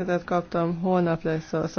Ötletet kaptam, holnap lesz a